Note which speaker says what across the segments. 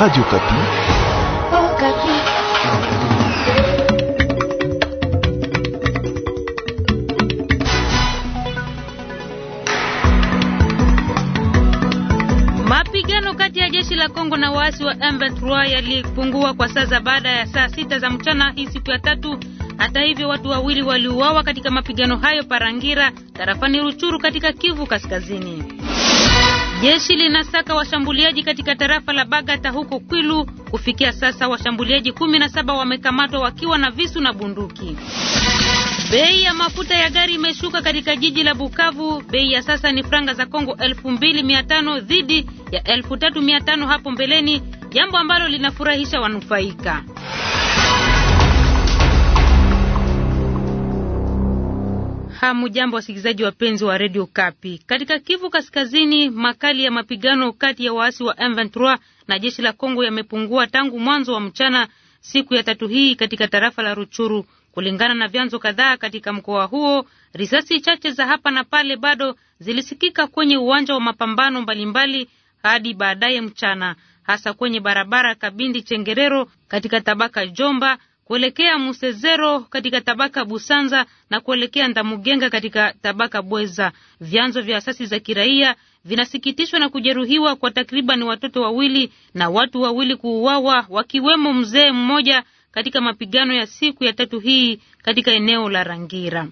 Speaker 1: Radio Kapi.
Speaker 2: Oh, Kapi.
Speaker 3: Mapigano kati ya jeshi la Kongo na waasi wa M23 yalipungua kwa saa baada ya saa sita za mchana hii siku ya tatu. Hata hivyo, watu wawili waliuawa katika mapigano hayo Parangira, tarafani Ruchuru katika Kivu Kaskazini. Jeshi linasaka washambuliaji katika tarafa la Bagata huko Kwilu. Kufikia sasa washambuliaji 17 wamekamatwa wakiwa na visu na bunduki. Bei ya mafuta ya gari imeshuka katika jiji la Bukavu. Bei ya sasa ni franga za Kongo 2500 dhidi ya 3500 hapo mbeleni, jambo ambalo linafurahisha wanufaika. Hamujambo, wasikilizaji wapenzi wa redio Kapi. Katika Kivu Kaskazini, makali ya mapigano kati ya waasi wa M23 na jeshi la Kongo yamepungua tangu mwanzo wa mchana siku ya tatu hii katika tarafa la Ruchuru. Kulingana na vyanzo kadhaa katika mkoa huo, risasi chache za hapa na pale bado zilisikika kwenye uwanja wa mapambano mbalimbali hadi baadaye mchana, hasa kwenye barabara Kabindi Chengerero katika tabaka Jomba kuelekea Musezero katika tabaka Busanza na kuelekea Ndamugenga katika tabaka Bweza. Vyanzo vya asasi za kiraia vinasikitishwa na kujeruhiwa kwa takriban watoto wawili na watu wawili kuuawa, wakiwemo mzee mmoja katika mapigano ya siku ya tatu hii katika eneo la Rangira.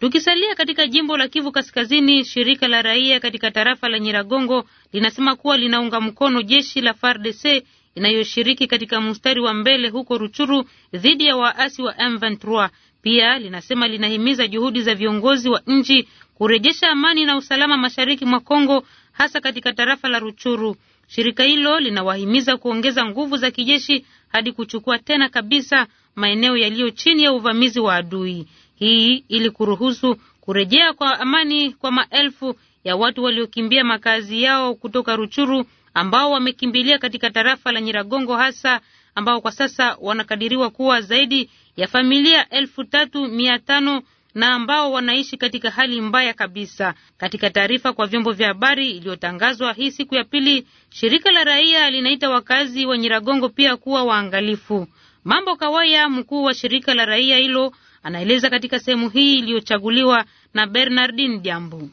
Speaker 3: Tukisalia katika jimbo la Kivu Kaskazini, shirika la raia katika tarafa la Nyiragongo linasema kuwa linaunga mkono jeshi la FARDC inayoshiriki katika mstari wa mbele huko Ruchuru dhidi ya waasi wa M23. Pia linasema linahimiza juhudi za viongozi wa nchi kurejesha amani na usalama mashariki mwa Kongo, hasa katika tarafa la Ruchuru. Shirika hilo linawahimiza kuongeza nguvu za kijeshi hadi kuchukua tena kabisa maeneo yaliyo chini ya uvamizi wa adui. Hii ili kuruhusu kurejea kwa amani kwa maelfu ya watu waliokimbia makazi yao kutoka Ruchuru ambao wamekimbilia katika tarafa la Nyiragongo hasa ambao kwa sasa wanakadiriwa kuwa zaidi ya familia elfu tatu mia tano na ambao wanaishi katika hali mbaya kabisa. Katika taarifa kwa vyombo vya habari iliyotangazwa hii siku ya pili, shirika la raia linaita wakazi wa Nyiragongo pia kuwa waangalifu. Mambo Kawaya, mkuu wa shirika la raia hilo, anaeleza katika sehemu hii iliyochaguliwa na Bernardin Jambu.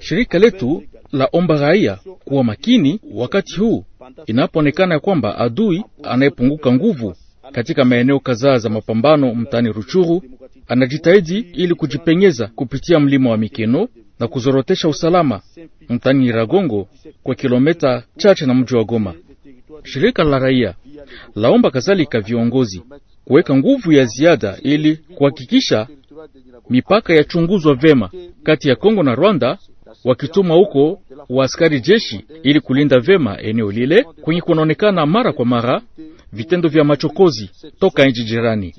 Speaker 4: Shirika letu laomba raia kuwa makini wakati huu inapoonekana ya kwamba adui anayepunguka nguvu katika maeneo kadhaa za mapambano mtaani Ruchuru anajitahidi ili kujipenyeza kupitia mlima wa Mikeno na kuzorotesha usalama mtaani Nyiragongo kwa kilometa chache na mji wa Goma. Shirika la raia laomba kadhalika viongozi kuweka nguvu ya ziada ili kuhakikisha mipaka yachunguzwa vema kati ya Kongo na Rwanda wakituma huko waaskari jeshi ili kulinda vema eneo lile kwenye kunaonekana mara kwa mara vitendo vya machokozi toka nchi jirani.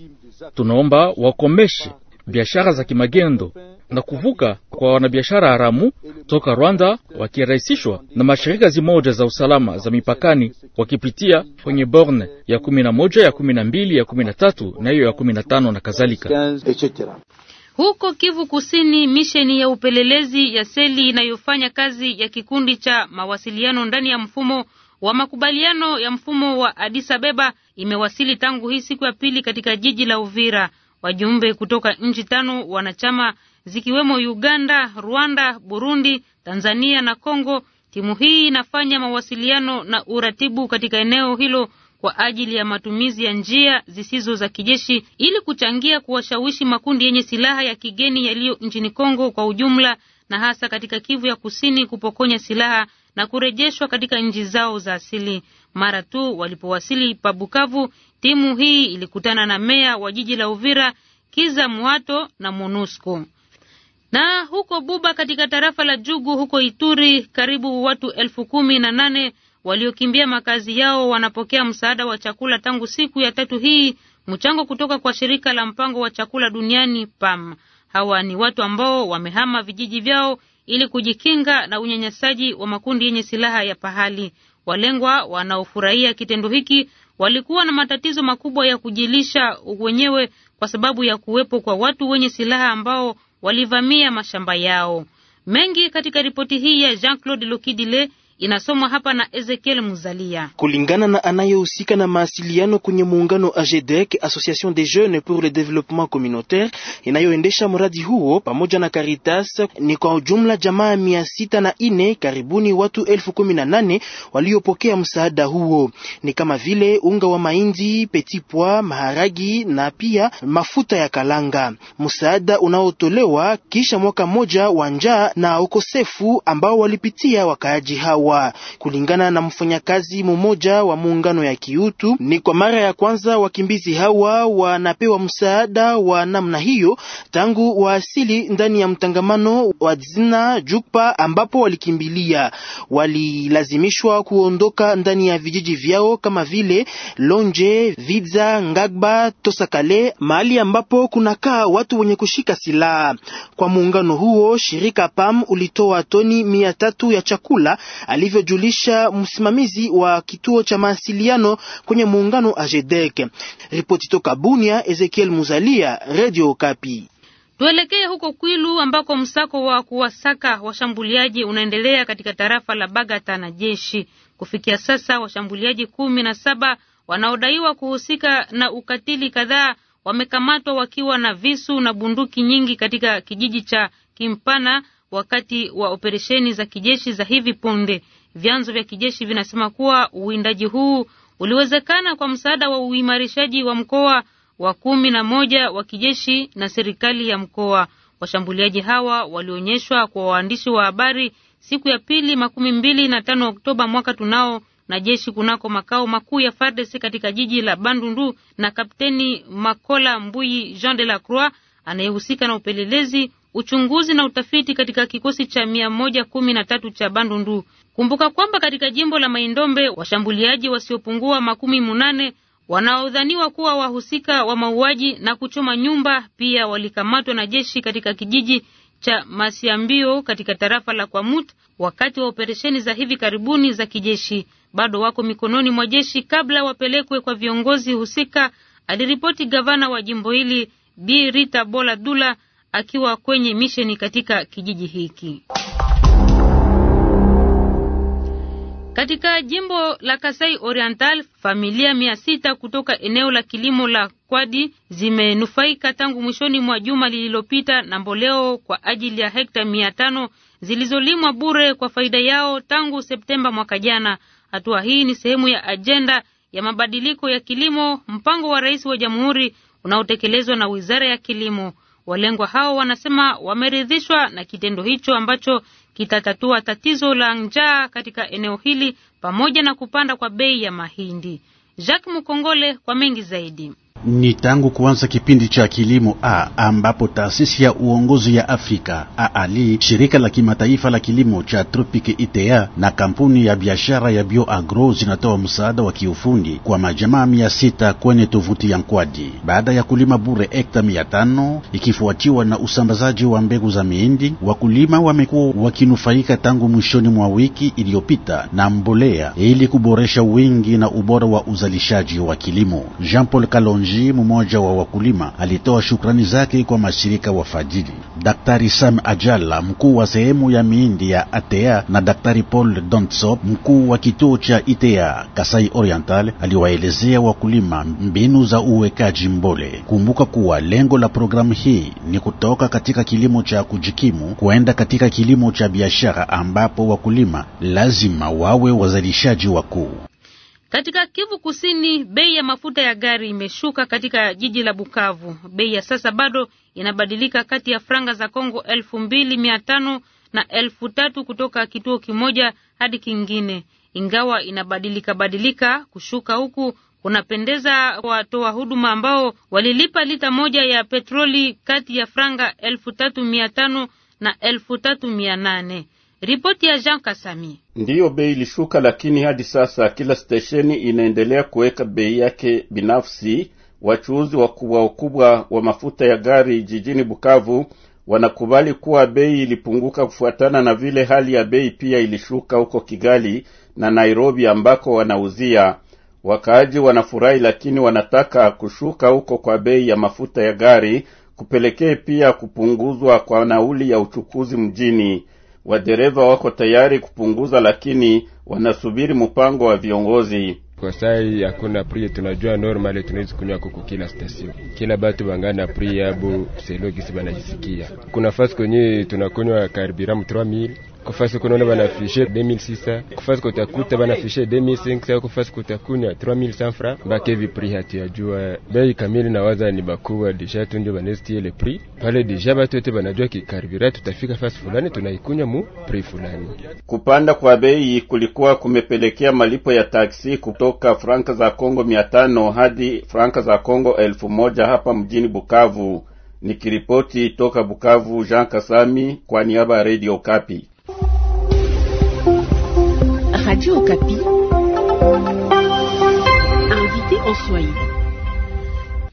Speaker 4: Tunaomba wakomeshe biashara za kimagendo na kuvuka kwa wanabiashara haramu toka Rwanda, wakirahisishwa na mashirika zimoja za usalama za mipakani, wakipitia kwenye borne ya 11, ya 12, ya 13 na hiyo ya 15 na kadhalika.
Speaker 3: Huko Kivu Kusini, misheni ya upelelezi ya seli inayofanya kazi ya kikundi cha mawasiliano ndani ya mfumo wa makubaliano ya mfumo wa Addis Ababa imewasili tangu hii siku ya pili katika jiji la Uvira. Wajumbe kutoka nchi tano wanachama zikiwemo Uganda, Rwanda, Burundi, Tanzania na Kongo. Timu hii inafanya mawasiliano na uratibu katika eneo hilo kwa ajili ya matumizi ya njia zisizo za kijeshi ili kuchangia kuwashawishi makundi yenye silaha ya kigeni yaliyo nchini Kongo kwa ujumla na hasa katika Kivu ya Kusini kupokonya silaha na kurejeshwa katika nchi zao za asili. Mara tu walipowasili pabukavu timu hii ilikutana na meya wa jiji la Uvira Kiza Mwato na MONUSCO. Na huko Buba katika tarafa la Jugu huko Ituri, karibu watu elfu kumi na nane waliokimbia makazi yao wanapokea msaada wa chakula tangu siku ya tatu hii, mchango kutoka kwa shirika la mpango wa chakula duniani PAM. Hawa ni watu ambao wamehama vijiji vyao ili kujikinga na unyanyasaji wa makundi yenye silaha ya pahali. Walengwa wanaofurahia kitendo hiki walikuwa na matatizo makubwa ya kujilisha wenyewe kwa sababu ya kuwepo kwa watu wenye silaha ambao walivamia mashamba yao mengi. Katika ripoti hii ya Jean Claude Lokidile inasomwa hapa na Ezekiel Muzalia.
Speaker 2: Kulingana na anayehusika na mawasiliano kwenye muungano AGDEC, Association des Jeunes pour le Développement Communautaire, inayoendesha mradi huo pamoja na Caritas, ni kwa ujumla jamaa mia sita na ine, karibuni watu elfu kumi na nane waliopokea msaada huo, ni kama vile unga wa mahindi, petit pois, maharagi na pia mafuta ya kalanga, msaada unaotolewa kisha mwaka mmoja wa njaa na ukosefu ambao walipitia wakaaji hawa hawa. Kulingana na mfanyakazi mmoja wa muungano ya kiutu, ni kwa mara ya kwanza wakimbizi hawa wanapewa msaada wa namna hiyo tangu waasili ndani ya mtangamano wa Dzina Jukpa ambapo walikimbilia. Walilazimishwa kuondoka ndani ya vijiji vyao kama vile Lonje, Vidza, Ngagba, Tosakale, mahali ambapo kunakaa watu wenye kushika silaha. Kwa muungano huo, shirika PAM ulitoa toni mia tatu ya chakula alivyojulisha msimamizi wa kituo cha mawasiliano kwenye muungano Ajedek. Ripoti toka Bunia, Ezekiel Muzalia, Radio Kapi.
Speaker 3: Tuelekee huko Kwilu ambako msako wa kuwasaka washambuliaji unaendelea katika tarafa la Bagata na jeshi. Kufikia sasa washambuliaji kumi na saba wanaodaiwa kuhusika na ukatili kadhaa wamekamatwa wakiwa na visu na bunduki nyingi katika kijiji cha Kimpana wakati wa operesheni za kijeshi za hivi punde. Vyanzo vya kijeshi vinasema kuwa uwindaji huu uliwezekana kwa msaada wa uimarishaji wa mkoa wa kumi na moja wa kijeshi na serikali ya mkoa. Washambuliaji hawa walionyeshwa kwa waandishi wa habari siku ya pili makumi mbili na tano Oktoba mwaka tunao na jeshi kunako makao makuu ya FARDC katika jiji la Bandundu na Kapteni Makola Mbuyi Jean de la Croix anayehusika na upelelezi uchunguzi na utafiti katika kikosi cha mia moja kumi na tatu cha Bandundu. Kumbuka kwamba katika jimbo la Maindombe washambuliaji wasiopungua makumi munane wanaodhaniwa kuwa wahusika wa mauaji na kuchoma nyumba pia walikamatwa na jeshi katika kijiji cha Masiambio katika tarafa la Kwamut wakati wa operesheni za hivi karibuni za kijeshi. Bado wako mikononi mwa jeshi kabla wapelekwe kwa viongozi husika, aliripoti gavana wa jimbo hili Bi Rita Bola Dula akiwa kwenye misheni katika kijiji hiki. Katika jimbo la Kasai Oriental, familia mia sita kutoka eneo la kilimo la Kwadi zimenufaika tangu mwishoni mwa juma lililopita na mboleo kwa ajili ya hekta mia tano zilizolimwa bure kwa faida yao tangu Septemba mwaka jana. Hatua hii ni sehemu ya ajenda ya mabadiliko ya kilimo, mpango wa rais wa jamhuri unaotekelezwa na wizara ya kilimo. Walengwa hao wanasema wameridhishwa na kitendo hicho ambacho kitatatua tatizo la njaa katika eneo hili pamoja na kupanda kwa bei ya mahindi. Jacques Mukongole kwa mengi zaidi.
Speaker 1: Ni tangu kuanza kipindi cha kilimo A ambapo taasisi ya uongozi ya Afrika AALI, shirika la kimataifa la kilimo cha tropiki ITEA na kampuni ya biashara ya BioAgro zinatoa msaada wa kiufundi kwa majamaa mia sita kwenye tovuti ya Nkwadi baada ya kulima bure hekta mia tano ikifuatiwa na usambazaji wa mbegu za mihindi. Wakulima wamekuwa wakinufaika tangu mwishoni mwa wiki iliyopita na mbolea ili kuboresha wingi na ubora wa uzalishaji wa kilimo. Jean Paul Kalonji Mkaji, mmoja wa wakulima, alitoa shukrani zake kwa mashirika wafadhili. Daktari Sam Ajala, mkuu wa sehemu ya miindi ya Atea, na Daktari Paul Dontso, mkuu wa kituo cha Itea Kasai Oriental, aliwaelezea wakulima mbinu za uwekaji mbole. Kumbuka kuwa lengo la programu hii ni kutoka katika kilimo cha kujikimu kuenda katika kilimo cha biashara, ambapo wakulima lazima wawe wazalishaji wakuu.
Speaker 3: Katika Kivu Kusini, bei ya mafuta ya gari imeshuka katika jiji la Bukavu. Bei ya sasa bado inabadilika kati ya franga za Kongo elfu mbili mia tano na elfu tatu kutoka kituo kimoja hadi kingine, ingawa inabadilika badilika. Kushuka huku kunapendeza watoa huduma ambao walilipa lita moja ya petroli kati ya franga elfu tatu mia tano na elfu tatu mia nane. Ripoti ya Jean Kasami.
Speaker 5: Ndiyo, bei ilishuka, lakini hadi sasa kila stesheni inaendelea kuweka bei yake binafsi. Wachuuzi wakubwa wakubwa wa mafuta ya gari jijini Bukavu wanakubali kuwa bei ilipunguka kufuatana na vile hali ya bei pia ilishuka huko Kigali na Nairobi ambako wanauzia. Wakaaji wanafurahi, lakini wanataka kushuka huko kwa bei ya mafuta ya gari kupelekee pia kupunguzwa kwa nauli ya uchukuzi mjini. Wadereva wako tayari kupunguza, lakini wanasubiri mpango wa viongozi. Kwa sai hakuna pri, tunajua normal tunaweza kunywa kuku kila station, kila batu bangana pri yabo selogisi banajisikia. Kuna fasi kwenye tunakunywa karbiramu 3000 kufasi kunaona banafishe 2600 kufasi kutakuta banafishe 2500 kufasi kutakunya 3000 fra bake vi prix hatuyajua eh, bei kamili, na waza ni bakuwa deja tu ndio banestie le prix pale deja batote banajua kikaribira, tutafika fasi fulani tunaikunya mu prix fulani. Kupanda kwa bei kulikuwa kumepelekea malipo ya taksi kutoka franka za Kongo 500 hadi franka za Kongo elfu moja hapa mjini Bukavu. Nikiripoti toka Bukavu, Jean Kasami kwa niaba ya Radio Kapi.
Speaker 6: Radio Okapi.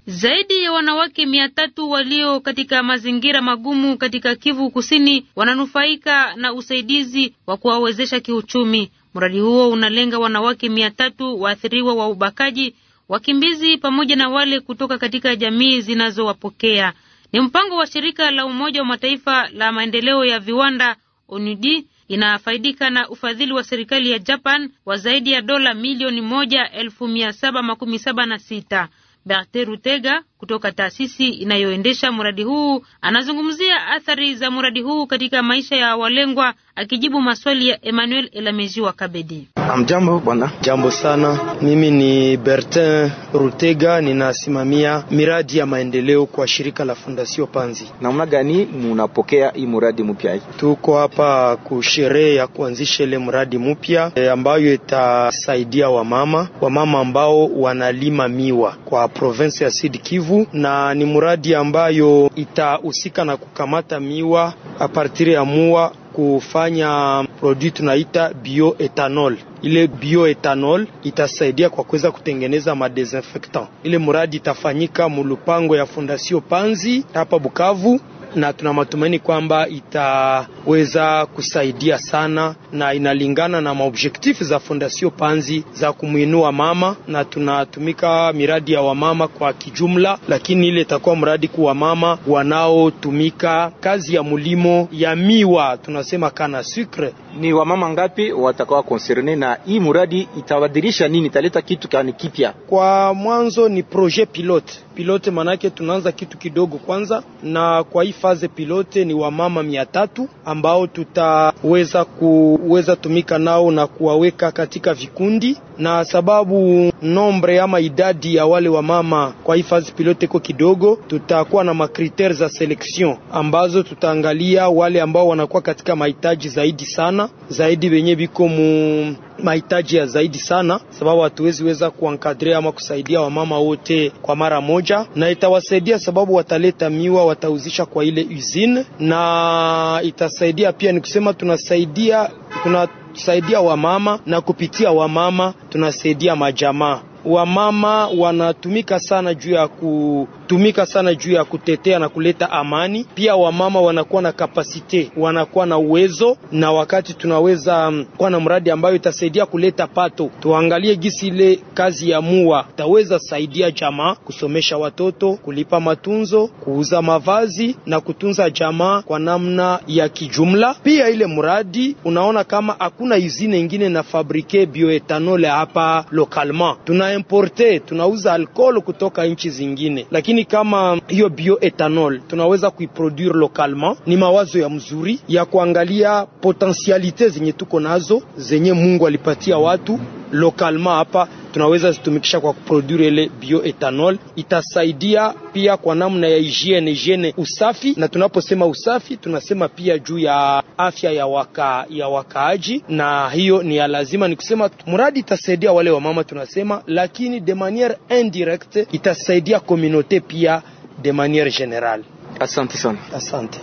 Speaker 3: Zaidi ya wanawake mia tatu walio katika mazingira magumu katika Kivu Kusini wananufaika na usaidizi wa kuwawezesha kiuchumi. Mradi huo unalenga wanawake mia tatu waathiriwa wa ubakaji, wakimbizi pamoja na wale kutoka katika jamii zinazowapokea. Ni mpango wa shirika la Umoja wa Mataifa la maendeleo ya viwanda ONUDI inafaidika na ufadhili wa serikali ya Japan wa zaidi ya dola milioni moja elfu mia saba makumi saba na sita. Berte Rutega kutoka taasisi inayoendesha mradi huu anazungumzia athari za mradi huu katika maisha ya walengwa, akijibu maswali ya Emmanuel Elameji wa Kabedi.
Speaker 2: Amjambo bwana,
Speaker 7: jambo sana. Mimi ni Bertin Rutega, ninasimamia miradi ya maendeleo kwa shirika la Fundasio Panzi. Namna gani
Speaker 5: munapokea
Speaker 7: hii muradi mpya hii? Tuko hapa kusherehe ya kuanzisha ile mradi mpya e, ambayo itasaidia wamama wamama ambao wanalima miwa kwa province ya Sud Kivu, na ni muradi ambayo itahusika na kukamata miwa apartiri ya mua kufanya produit tunaita bioethanol. Ile bioethanol itasaidia kwa kuweza kutengeneza madesinfectant. Ile muradi itafanyika mulupango ya Fondation Panzi hapa Bukavu na tuna matumaini kwamba itaweza kusaidia sana, na inalingana na maobjektifu za Fondasio Panzi za kumwinua mama, na tunatumika miradi ya wamama kwa kijumla, lakini ile itakuwa mradi kuwa mama wanaotumika kazi ya mulimo ya miwa, tunasema kana sukre ni wamama ngapi watakawa concerne na hii muradi itabadilisha nini, italeta kitu kani kipya? Kwa mwanzo ni projet pilote pilote, manake tunaanza kitu kidogo kwanza, na kwa hii faze pilote ni wamama mia tatu ambao tutaweza kuweza tumika nao na kuwaweka katika vikundi, na sababu nombre ama idadi ya wale wamama kwa hii faze pilote iko kidogo, tutakuwa na makriteri za selection ambazo tutaangalia wale ambao wanakuwa katika mahitaji zaidi sana sana zaidi, wenye biko mu mahitaji ya zaidi sana, sababu hatuwezi weza kuankadre ama kusaidia wamama wote kwa mara moja, na itawasaidia sababu wataleta miwa, watauzisha kwa ile usine, na itasaidia pia ni kusema tunasaidia tunasaidia wamama na kupitia wamama tunasaidia majamaa. Wamama wanatumika sana juu ya ku wanatumika sana juu ya kutetea na kuleta amani. Pia wamama wanakuwa na kapasite, wanakuwa na uwezo, na wakati tunaweza mm, kuwa na mradi ambayo itasaidia kuleta pato. Tuangalie gisi ile kazi ya mua itaweza saidia jamaa kusomesha watoto, kulipa matunzo, kuuza mavazi na kutunza jamaa kwa namna ya kijumla. Pia ile mradi unaona kama hakuna izine ingine na fabrike bioetanole hapa lokalma, tunaimporte tunauza alkolo kutoka nchi zingine, lakini lakini kama hiyo bioethanol tunaweza kuiproduire localement, ni mawazo ya mzuri ya kuangalia potentialite zenye tuko nazo zenye Mungu alipatia watu localement hapa tunaweza zitumikisha kwa kuproduire ile bioethanol. Itasaidia pia kwa namna ya hygiene, hygiene usafi, na tunaposema usafi tunasema pia juu ya afya ya waka, ya wakaaji, na hiyo ni ya lazima. Ni kusema mradi itasaidia wale wamama tunasema, lakini de maniere indirecte itasaidia communauté pia de maniere generale. Asante sana, asante.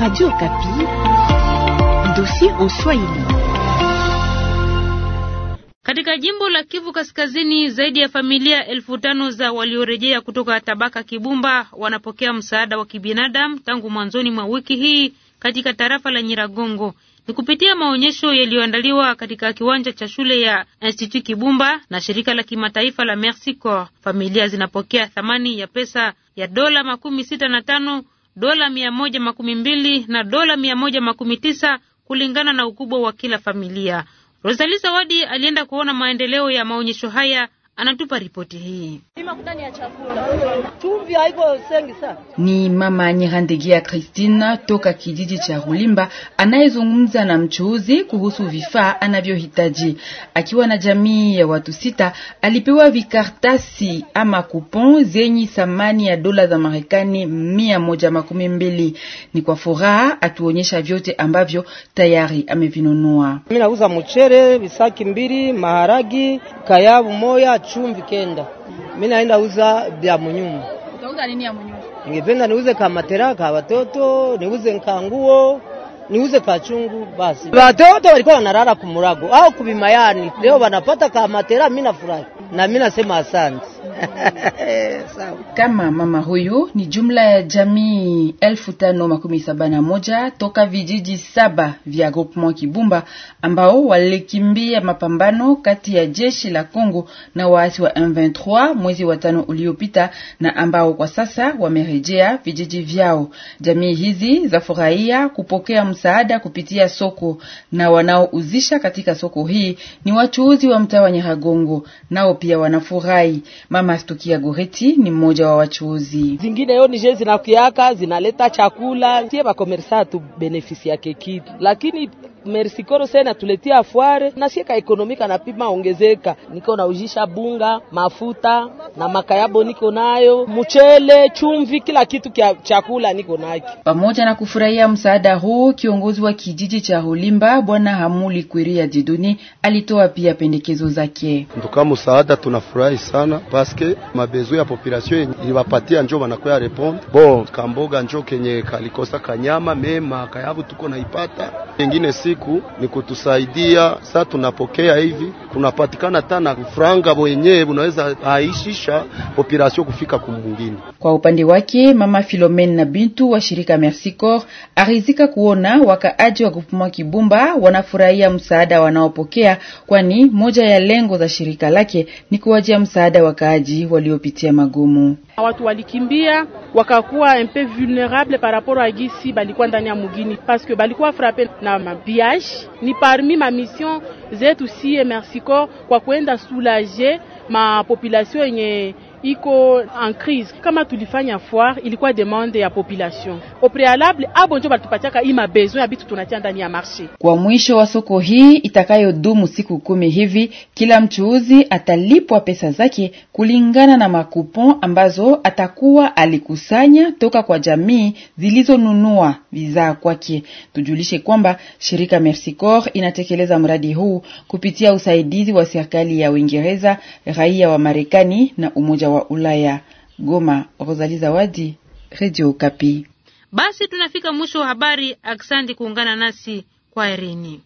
Speaker 6: Radio Kapi. Dossier en Swahili.
Speaker 3: Katika jimbo la Kivu Kaskazini, zaidi ya familia elfu tano za waliorejea kutoka tabaka Kibumba wanapokea msaada wa kibinadamu tangu mwanzoni mwa wiki hii katika tarafa la Nyiragongo ni kupitia maonyesho yaliyoandaliwa katika kiwanja cha shule ya Institut Kibumba na shirika la kimataifa la Merci Corps. Familia zinapokea thamani ya pesa ya dola makumi sita na tano, dola mia moja makumi mbili na dola mia moja makumi tisa kulingana na ukubwa wa kila familia. Rosalie Zawadi alienda kuona maendeleo ya maonyesho haya anatupa ripoti hii.
Speaker 6: Ni mama Nyihandegia Kristina toka kijiji cha Rulimba anayezungumza na mchuuzi kuhusu vifaa anavyohitaji. Akiwa na jamii ya watu sita, alipewa vikartasi ama kupon zenye thamani ya dola za Marekani mia moja makumi mbili. Ni kwa furaha atuonyesha vyote ambavyo tayari amevinunua. Mimi nauza mchere, visaki mbili, maharagi, kayabu moya
Speaker 7: chumvi kenda. Mimi naenda uza bya munyumba.
Speaker 6: Utauza nini ya munyumba?
Speaker 7: Ningependa niuze kama matera watoto, niuze nkanguo, niuze kachungu basi. Watoto walikuwa wanarara kumurago au kubimayani, leo wanapata kama matera, mimi nafurahi. Na mimi nasema asante.
Speaker 6: kama mama huyu ni jumla ya jamii elfu tano makumi saba na moja toka vijiji saba vya groupement Kibumba ambao walikimbia mapambano kati ya jeshi la congo na waasi wa M23 mwezi wa tano uliopita na ambao kwa sasa wamerejea vijiji vyao. Jamii hizi zafurahia kupokea msaada kupitia soko na wanaouzisha katika soko hii ni wachuuzi wa mtaa wa Nyiragongo, nao pia wanafurahi. Mama Stukia Goreti ni mmoja wa wachuuzi. Zingine yo nije zinakuaka zinaleta chakula tie bakomersa tu benefisi yake kitu, lakini merci
Speaker 2: mersikoro sana tuletia afware na shika ekonomika na pima ongezeka, niko na ujisha bunga,
Speaker 6: mafuta na makayabo niko nayo, mchele, chumvi, kila kitu kia chakula niko naki. Pamoja na kufurahia msaada huu, kiongozi wa kijiji cha Holimba Bwana Hamuli Kwiria Jiduni alitoa pia pendekezo zake.
Speaker 7: Nduka msaada tunafurahi sana pa paske mabezo ya population ilibapatia njo banakuya repondre bon kamboga njo kenye kalikosa kanyama mema kayabu tuko naipata ingine siku ni kutusaidia sa tunapokea hivi kunapatikana tana franga bwenyewe bunaweza aishisha population kufika kumungine.
Speaker 6: Kwa upande wake mama Philomene na Bintu wa shirika Merci Corps arizika kuona wakaaji wa kupuma Kibumba wanafurahia msaada wanaopokea, kwani moja ya lengo za shirika lake ni kuwajia msaada waka wakaaji waliopitia magumu.
Speaker 2: Watu walikimbia
Speaker 6: wakakuwa mpe
Speaker 2: vulnerable par rapport a gisi balikuwa ndani ya mugini paske balikuwa frape na mabiage. Ni parmi ma mission zetu merci corps, kwa kuenda soulager ma population yenye iko en crise. Kama tulifanya foire, ilikuwa demande ya population au prealable, abo ah njo batupatiaka ima besoin ya bitu tunatia ndani ya marché.
Speaker 6: Kwa mwisho wa soko hii itakayodumu siku kumi hivi, kila mchuuzi atalipwa pesa zake kulingana na makupon ambazo atakuwa alikusanya toka kwa jamii zilizonunua vizaa kwake. Tujulishe kwamba shirika Mercy Corps inatekeleza mradi huu kupitia usaidizi wa serikali ya Uingereza, raia wa Marekani na Umoja wa Ulaya. Goma, Rosalie Zawadi, Radio Kapi.
Speaker 3: Basi tunafika mwisho wa habari. Aksandi kuungana nasi kwa Irini.